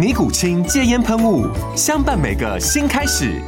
尼古清戒煙噴霧，相伴每個新開始。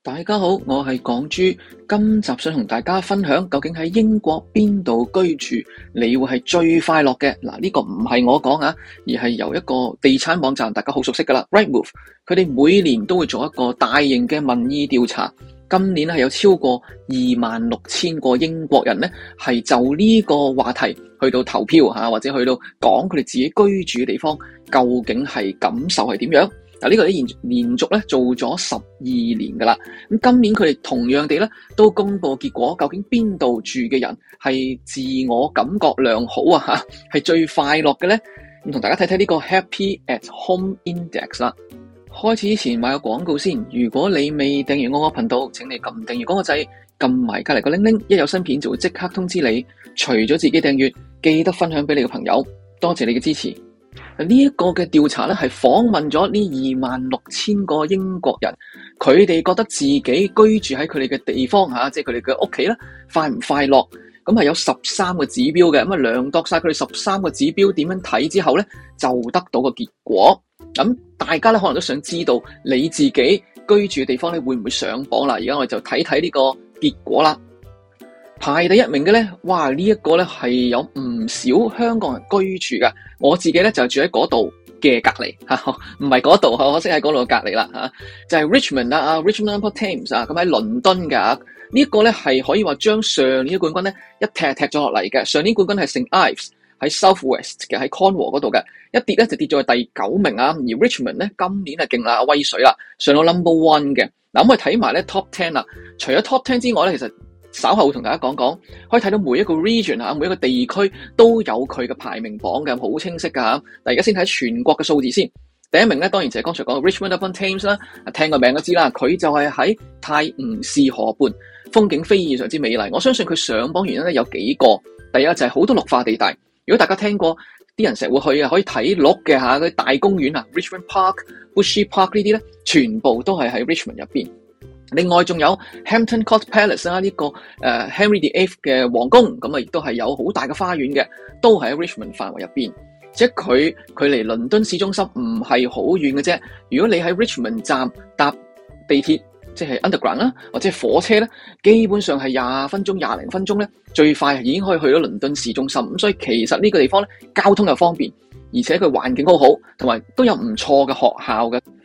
大家好，我係港豬，今集想同大家分享究竟喺英國邊度居住，你會係最快樂嘅？嗱，呢個唔係我講啊，而係由一個地產網站，大家好熟悉噶啦，Rightmove，佢哋每年都會做一個大型嘅民意調查，今年係有超過二萬六千個英國人咧，係就呢個話題去到投票吓，或者去到講佢哋自己居住嘅地方。究竟係感受係點樣？嗱、這個，呢個啲連連續咧做咗十二年噶啦。咁今年佢哋同樣地咧都公布結果，究竟邊度住嘅人係自我感覺良好啊？吓係最快樂嘅咧？咁同大家睇睇呢個 Happy at Home Index 啦。開始之前買個廣告先。如果你未訂閱我個頻道，請你撳訂閱嗰個掣，撳埋隔籬個鈴鈴，一有新片就會即刻通知你。除咗自己訂閱，記得分享俾你嘅朋友。多謝你嘅支持。呢一個嘅調查咧，係訪問咗呢二萬六千個英國人，佢哋覺得自己居住喺佢哋嘅地方吓，即係佢哋嘅屋企咧，快唔快樂？咁係有十三個指標嘅，咁啊量度晒佢哋十三個指標點樣睇之後咧，就得到個結果。咁大家咧可能都想知道你自己居住嘅地方咧會唔會上榜啦？而家我哋就睇睇呢個結果啦。排第一名嘅咧，哇！呢一個咧係有唔少香港人居住噶，我自己咧就住喺嗰度嘅隔離，嚇，唔係嗰度嚇，我係喺嗰度嘅隔離啦，就係 Richmond 啦，啊 Richmond Number Ten 啊，咁喺倫敦㗎，呢一個咧係可以話將上年嘅冠軍咧一踢踢咗落嚟嘅，上年冠軍係 St Ives 喺 Southwest 嘅，喺 Cornwall 嗰度嘅，一跌咧就跌咗去第九名啊，而 Richmond 咧今年係勁啦，威水啦，上到 Number One 嘅，嗱，我哋睇埋咧 Top Ten 啦，除咗 Top Ten 之外咧，其實。稍後會同大家講講，可以睇到每一個 region 每一個地區都有佢嘅排名榜嘅，好清晰㗎嚇，大家先睇全國嘅數字先。第一名咧，當然就係剛才講嘅 Richmond upon Thames 啦，聽個名都知啦，佢就係喺泰晤士河畔，風景非常之美麗。我相信佢上榜原因咧有幾個，第一就係、是、好多綠化地帶。如果大家聽過啲人成日會去啊，可以睇鹿嘅下佢啲大公園啊，Richmond Park、Bushy Park 呢啲咧，全部都係喺 Richmond 入邊。另外仲有 Hampton Court Palace 啦，呢個誒 Henry VIII 嘅王宮，咁啊亦都係有好大嘅花園嘅，都喺 Richmond 範圍入邊，即係距離倫敦市中心唔係好遠嘅啫。如果你喺 Richmond 站搭地鐵，即係 Underground 啦，或者係火車咧，基本上係廿分鐘、廿零分鐘咧，最快已經可以去到倫敦市中心。咁所以其實呢個地方咧，交通又方便，而且佢環境好好，同埋都有唔錯嘅學校嘅。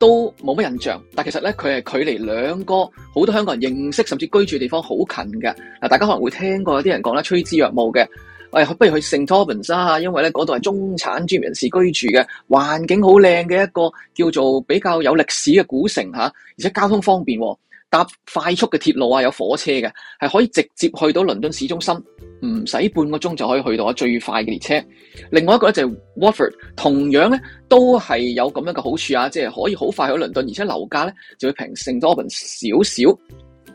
都冇乜印象，但其實呢，佢係距離兩個好多香港人認識甚至居住地方好近嘅。大家可能會聽過有啲人講啦，趨之若鶩嘅。喂、哎，不如去聖托賓沙，因為呢嗰度係中產專業人士居住嘅，環境好靚嘅一個叫做比較有歷史嘅古城、啊、而且交通方便。啊搭快速嘅鐵路啊，有火車嘅，係可以直接去到倫敦市中心，唔使半個鐘就可以去到最快嘅列車。另外一個咧就係 Watford，同樣咧都係有咁樣嘅好處啊，即係可以好快去倫敦，而且樓價咧就會平剩多少少。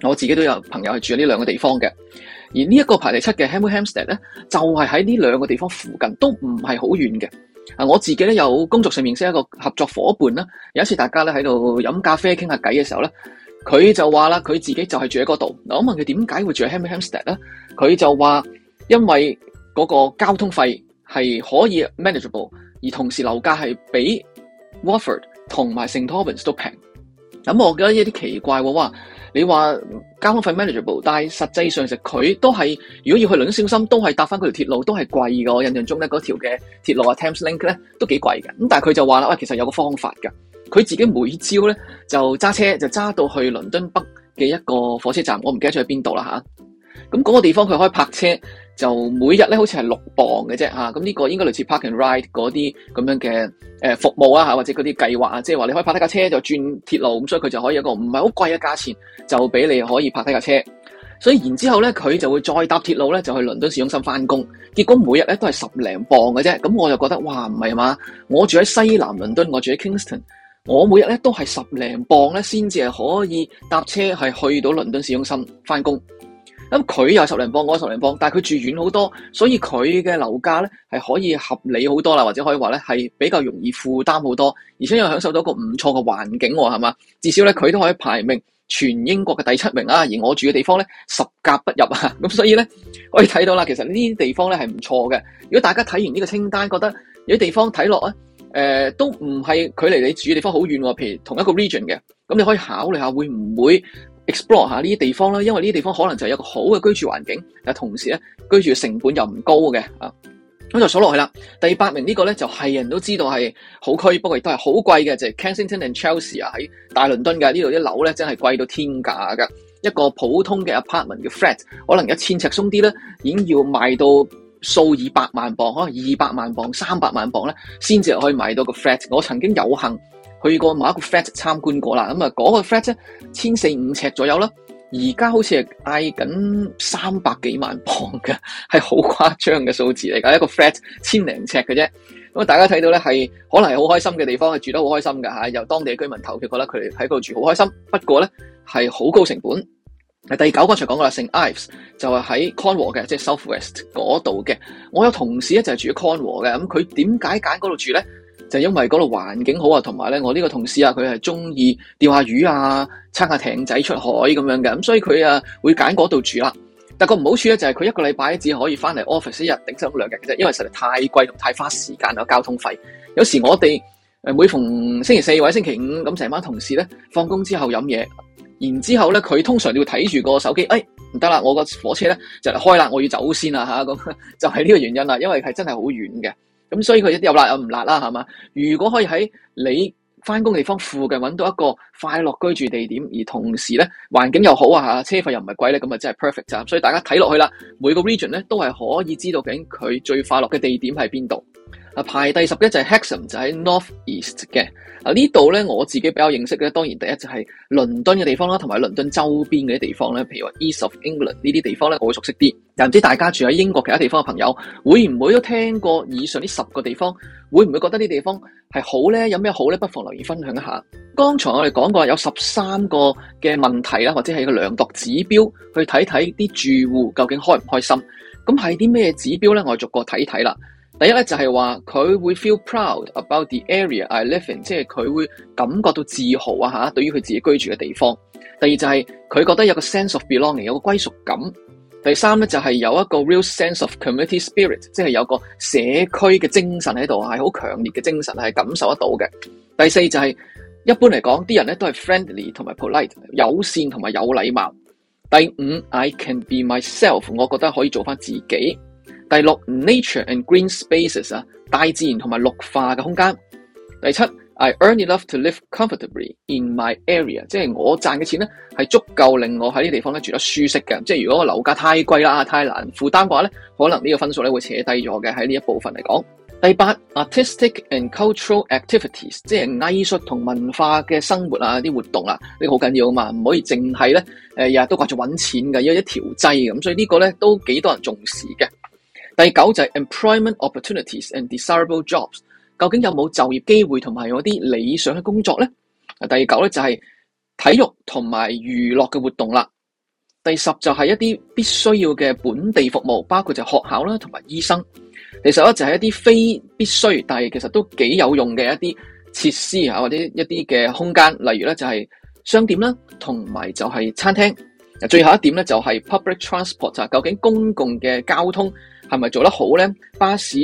我自己都有朋友係住喺呢兩個地方嘅，而呢一個排第七嘅 Hemel Hempstead 咧，就係喺呢兩個地方附近，都唔係好遠嘅。啊，我自己咧有工作上面識一個合作夥伴啦，有一次大家咧喺度飲咖啡傾下偈嘅時候咧。佢就話啦，佢自己就係住喺嗰度。嗱，我問佢點解會住喺 Hemel Hempstead 咧？佢就話因為嗰個交通費係可以 manageable，而同時樓價係比 Watford 同埋 St Albans 都平。咁、嗯、我覺得有啲奇怪喎，哇！你話交通費 manageable，但實際上其實佢都係，如果要去倫敦市中心，都係搭翻佢條鐵路都係貴嘅。我印象中咧嗰條嘅鐵路啊，Thameslink 咧都幾貴嘅。咁但係佢就話啦，喂、哎，其實有個方法㗎。佢自己每朝咧就揸車就揸到去倫敦北嘅一個火車站，我唔記得咗喺邊度啦嚇。咁嗰個地方佢可以泊車，就每日咧好似係六磅嘅啫嚇。咁呢個應該類似 parking ride 嗰啲咁樣嘅誒服務啊或者嗰啲計劃啊，即係話你可以泊低架車就轉鐵路，咁所以佢就可以有個唔係好貴嘅價錢就俾你可以泊低架車。所以然之後咧，佢就會再搭鐵路咧就去倫敦市中心翻工。結果每日咧都係十零磅嘅啫。咁我就覺得哇，唔係嘛，我住喺西南倫敦，我住喺 Kingston。我每日咧都係十零鎊咧，先至係可以搭車係去到倫敦市中心翻工。咁佢又十零鎊，我十零鎊，但係佢住遠好多，所以佢嘅樓價咧係可以合理好多啦，或者可以話咧係比較容易負擔好多，而且又享受到一個唔錯嘅環境，係嘛？至少咧佢都可以排名全英國嘅第七名啊！而我住嘅地方咧十甲不入啊！咁所以咧可以睇到啦，其實呢啲地方咧係唔錯嘅。如果大家睇完呢個清單，覺得有啲地方睇落誒、呃、都唔係距離你住嘅地方好遠喎、啊，譬如同一個 region 嘅，咁你可以考慮下會唔會 explore 下呢啲地方啦、啊，因為呢啲地方可能就係一個好嘅居住環境，但同時咧居住成本又唔高嘅啊。咁就數落去啦，第八名個呢個咧就係人都知道係好區，不過亦都係好貴嘅，就係、是、Kensington and Chelsea 啊，喺大倫敦嘅呢度啲樓咧真係貴到天價㗎，一個普通嘅 apartment 叫 flat 可能一千尺鬆啲咧已經要賣到。數以百萬磅，可能二百萬磅、三百萬磅咧，先至可以買到個 flat。我曾經有幸去過某一個 flat 參觀過啦。咁啊，嗰個 flat 咧，千四五尺左右啦。而家好似係嗌緊三百幾萬磅嘅，係好誇張嘅數字嚟噶。一個 flat 千零尺嘅啫。咁啊，大家睇到咧係可能係好開心嘅地方，係住得好開心噶吓，由當地嘅居民投嘅，覺得佢哋喺度住好開心。不過咧係好高成本。第九個才講過啦，St Ives 就係喺 Cornwall 嘅，即係 Southwest 嗰度嘅。我有同事咧就係住喺 Cornwall 嘅，咁佢點解揀嗰度住咧？就因為嗰度環境好啊，同埋咧我呢個同事啊，佢係中意釣下魚啊，撐下艇仔出海咁樣嘅，咁所以佢啊會揀嗰度住啦。但個唔好處咧就係佢一個禮拜只可以翻嚟 office 一日，頂多兩日嘅啫，因為實在太貴同太花時間啊交通費。有時我哋誒每逢星期四或者星期五咁成班同事咧放工之後飲嘢。然之後咧，佢通常要睇住個手機，誒、哎，唔得啦，我個火車咧就嚟開啦，我要先走先啦吓，咁、啊、就係、是、呢個原因啦，因為係真係好遠嘅，咁所以佢一有辣又唔辣啦，係嘛？如果可以喺你翻工地方附近搵到一個快樂居住地點，而同時咧環境又好啊，車費又唔係貴咧，咁啊真係 perfect 咋，所以大家睇落去啦，每個 region 咧都係可以知道究竟佢最快樂嘅地點係邊度。排第十一就係 Hexham 就喺 North East 嘅。啊呢度咧，我自己比較認識嘅，當然第一就係倫敦嘅地方啦，同埋倫敦周邊嘅地方咧，譬如話 East of England 呢啲地方咧，我會熟悉啲。又唔知大家住喺英國其他地方嘅朋友，會唔會都聽過以上呢十個地方？會唔會覺得呢啲地方係好咧？有咩好咧？不妨留言分享一下。剛才我哋講過有十三個嘅問題啦，或者係個量度指標，去睇睇啲住戶究竟開唔開心。咁係啲咩指標咧？我哋逐個睇睇啦。第一咧就係話佢會 feel proud about the area I live in，即係佢會感覺到自豪啊吓，對於佢自己居住嘅地方。第二就係佢覺得有個 sense of belonging，有個歸屬感。第三咧就係有一個 real sense of community spirit，即係有個社區嘅精神喺度，係好強烈嘅精神係感受得到嘅。第四就係一般嚟講，啲人咧都係 friendly 同埋 polite，友善同埋有禮貌。第五，I can be myself，我覺得可以做翻自己。第六，nature and green spaces 啊，大自然同埋綠化嘅空間。第七，I earn enough to live comfortably in my area，即係我賺嘅錢咧係足夠令我喺呢啲地方咧住得舒適嘅。即係如果樓價太貴啦，太難負擔嘅話咧，可能呢個分數咧會扯低咗嘅喺呢一部分嚟講。第八，artistic and cultural activities，即係藝術同文化嘅生活啊啲活動啊呢，呢個好緊要啊嘛，唔可以淨係咧誒日日都掛住揾錢嘅，要一條劑咁，所以呢個呢個咧都幾多人重視嘅。第九就係 employment opportunities and desirable jobs，究竟有冇就業機會同埋有啲理想嘅工作咧？第九咧就係體育同埋娛樂嘅活動啦。第十就係一啲必須要嘅本地服務，包括就係學校啦，同埋醫生。第十咧就係一啲非必須，但係其實都幾有用嘅一啲設施吓，或者一啲嘅空間，例如咧就係商店啦，同埋就係餐廳。最後一點咧就係 public transport，就係究竟公共嘅交通。係咪做得好咧？巴士、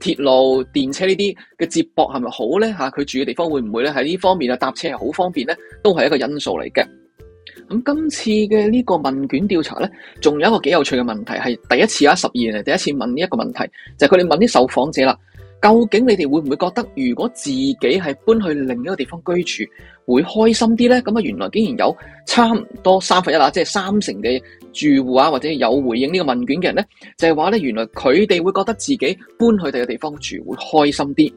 鐵路、電車呢啲嘅接駁係咪好咧？嚇、啊、佢住嘅地方會唔會咧喺呢方面啊搭車又好方便咧？都係一個因素嚟嘅。咁今次嘅呢個問卷調查咧，仲有一個幾有趣嘅問題，係第一次啊十二年第一次問呢一個問題，就係佢哋問啲受訪者啦。究竟你哋會唔會覺得，如果自己係搬去另一個地方居住，會開心啲咧？咁啊，原來竟然有差唔多三分一啦，即係三成嘅住戶啊，或者有回應呢個問卷嘅人咧，就係話咧，原來佢哋會覺得自己搬去第二個地方住會開心啲。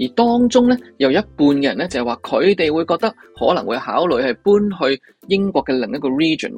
而當中咧，有一半嘅人咧，就係話佢哋會覺得可能會考慮係搬去英國嘅另一個 region。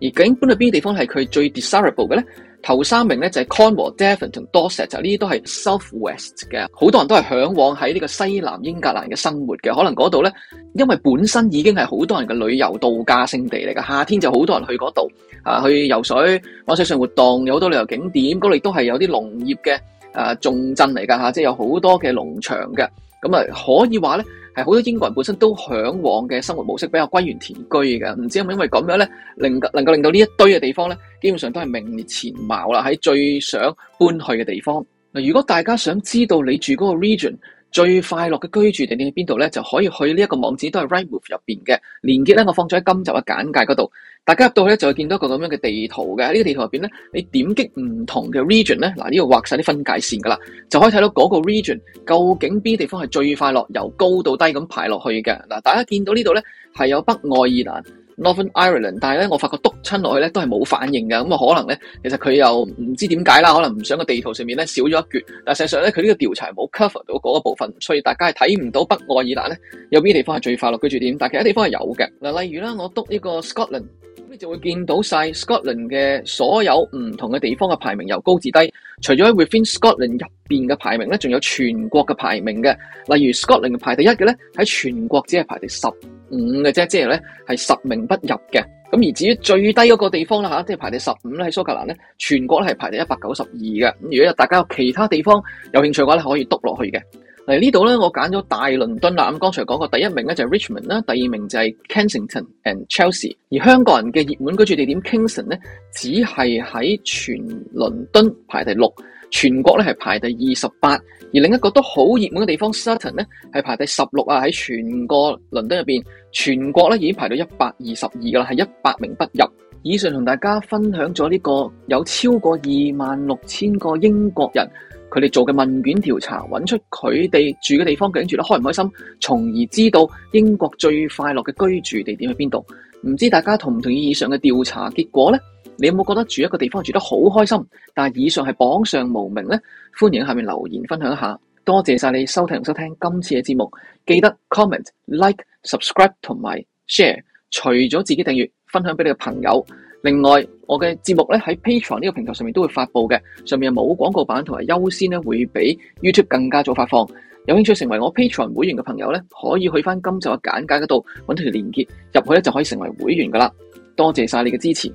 而究竟搬去邊啲地方係佢最 desirable 嘅咧？頭三名咧就係、是、Cornwall、Devon 同 Dorset，就呢啲都係 South West 嘅，好多人都係向往喺呢個西南英格蘭嘅生活嘅。可能嗰度咧，因為本身已經係好多人嘅旅遊度假勝地嚟噶，夏天就好多人去嗰度啊去游水、玩水上活動，有好多旅遊景點。嗰度亦都係有啲農業嘅、啊、重鎮嚟噶嚇，即係有好多嘅農場嘅，咁啊可以話咧。好多英國人本身都向往嘅生活模式，比較歸園田居嘅，唔知係咪因為咁樣咧，能夠能令到呢一堆嘅地方咧，基本上都係名列前茅啦，喺最想搬去嘅地方。嗱，如果大家想知道你住嗰個 region 最快樂嘅居住地點喺邊度咧，就可以去呢一個網址，都係 Rightmove 入面嘅連結咧，我放咗喺今集嘅簡介嗰度。大家入到去咧，就會見到一個咁樣嘅地圖嘅。喺呢個地圖入面咧，你點擊唔同嘅 region 咧，嗱，呢度畫晒啲分界線噶啦，就可以睇到嗰個 region 究竟邊地方係最快樂，由高到低咁排落去嘅嗱。大家見到呢度咧係有北愛爾蘭 （Northern Ireland），但係咧我發覺篤親落去咧都係冇反應嘅，咁啊可能咧其實佢又唔知點解啦，可能唔想個地圖上面咧少咗一橛，但實際上咧佢呢個調查冇 cover 到嗰個部分，所以大家係睇唔到北愛爾蘭咧有邊啲地方係最快樂居住點，但係其他地方係有嘅嗱。例如咧，我篤呢個 Scotland。你就會見到晒 Scotland 嘅所有唔同嘅地方嘅排名，由高至低，除咗喺 Within Scotland 入邊嘅排名咧，仲有全國嘅排名嘅。例如 Scotland 排第一嘅咧，喺全國只係排第十五嘅啫，即係咧係十名不入嘅。咁而至於最低嗰個地方啦吓，即係排第十五咧喺蘇格蘭咧，全國咧係排第一百九十二嘅。如果有大家有其他地方有興趣嘅話咧，可以督落去嘅。嚟呢度咧，我揀咗大倫敦啦。咁剛才講過第一名咧就係 Richmond 啦，第二名就係 Kensington and Chelsea。而香港人嘅熱門居住地點 Kingston 咧，只係喺全倫敦排第六，全國咧係排第二十八。而另一個都好熱門嘅地方 Sutton 咧，係排第十六啊，喺全個倫敦入面，全國咧已經排到一百二十二噶啦，係一百名不入。以上同大家分享咗呢個有超過二萬六千個英國人。佢哋做嘅問卷調查，搵出佢哋住嘅地方究竟住得開唔開心，從而知道英國最快樂嘅居住地點喺邊度。唔知大家同唔同意以上嘅調查結果呢？你有冇覺得住一個地方住得好開心，但係以上係榜上無名呢，歡迎下面留言分享一下。多謝晒你收聽同收聽今次嘅節目，記得 comment、like、subscribe 同埋 share。除咗自己訂閱，分享俾你嘅朋友。另外，我嘅節目咧喺 Patreon 呢個平台上面都會發布嘅，上面冇廣告版，同埋優先咧會比 YouTube 更加早發放。有興趣成為我 Patreon 會員嘅朋友咧，可以去翻今集嘅簡介嗰度搵條連結入去咧就可以成為會員噶啦。多謝晒你嘅支持，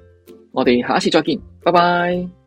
我哋下一次再見，拜拜。